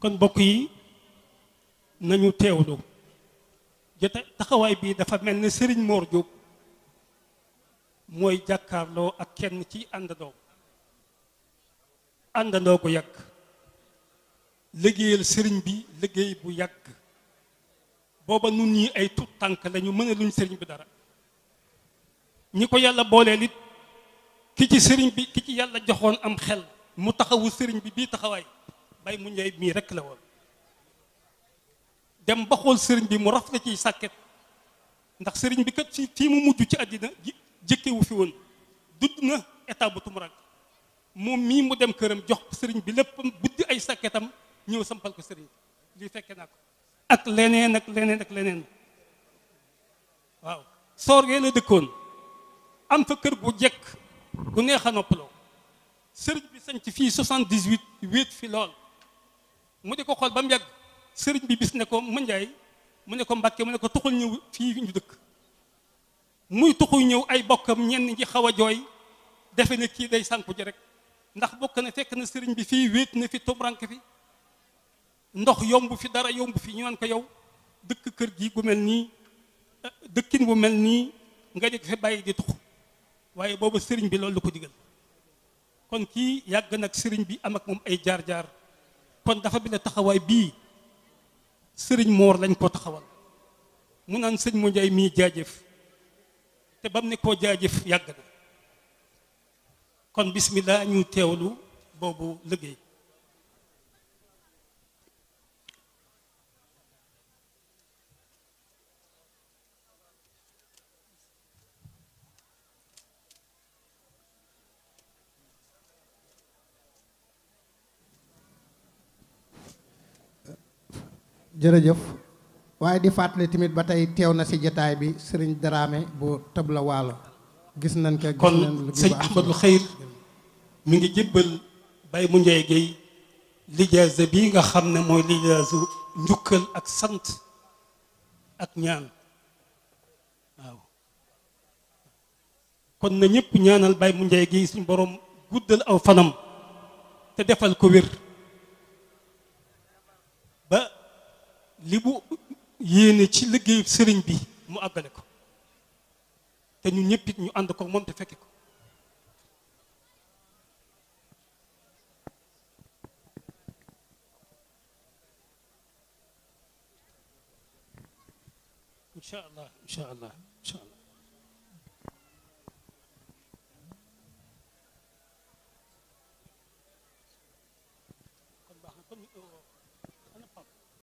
kon bokk yi nañu teewlu jote taxawaay bi dafa mel ni Serigne Mor Diop mooy jàkkaarloo ak kenn ci àndandoo àndandoo gu yàgg liggéeyal sëriñ bi liggéey bu yàgg booba nun ñi ay tut tànk lañu mën a luñ sëriñ bi dara ñi ko yàlla booleel it ki ci sëriñ bi ki ci yàlla joxoon am xel mu taxawu sëriñ bi bii taxawaay bay mu ñëw mii rek la woon dem ba xool sëriñ bi mu raf la ciy sàkket ndax sëriñ bi kat ci fii mu mujj ci àddina jëkkewu fi woon dudd na état bu tumurank moom mii mu dem këram jox sëriñ bi léppam buddi ay sàkketam ñëw sampal ko sëriñ bi lii fekke naa ko ak leneen ak leneen ak leneen waaw soor soorgee la dëkkoon am fa kër bu jekk gu neex a noppaloo sëriñ bi sañ ci fii 78 wéet fi lool mu di ko xool ba mu yàgg bi bis ne ko mu ndjay mu ne ko mbacke mu ne ko tukul ñëw fi ñu dëkk muy tuxu ñëw ay bokkam ñen ñi xawa joy jooy defe ne kii day sànku ji rek ndax bokk na fekk na sëriñ bi fi wet na fi tubrank fi ndox yomb fi dara yomb fi ñu nan ko yow dëkk kër gi gu melni dëkkin bu melni nga jëk fi bàyyi di tux waye bobu sëriñ bi loolu ko digal kon ki yag nak sëriñ bi am ak mom ay jaar-jaar kon dafa bi ne taxawaay bii sëriñ moor lañ koo taxawal mu naan sëñ mu njaay mii jaajëf te bam ne koo jaajëf yàgg na kon bismillah ñu teewlu boobu liggéey jërëjëf waaye di fàttali tamit ba tey teew na ci jataay bi sëriñ Dramé bu Tabla Waalo gis nañ ko kon sëñ Ahmadou Xayr mi ngi jébbal Baye Moundiaye Guèye lijaasa bii nga xam ne mooy lijaasu njukkal ak sant ak ñaan waaw kon na ñëpp ñaanal Baye Moundiaye Guèye suñ borom guddal aw fanam te defal ko wér li bu yéene ci liggéeyu sëriñ bi mu àggale ko te ñu ñëpp ñu ànd ko moom te fekke ko incha allah incha allah incha allah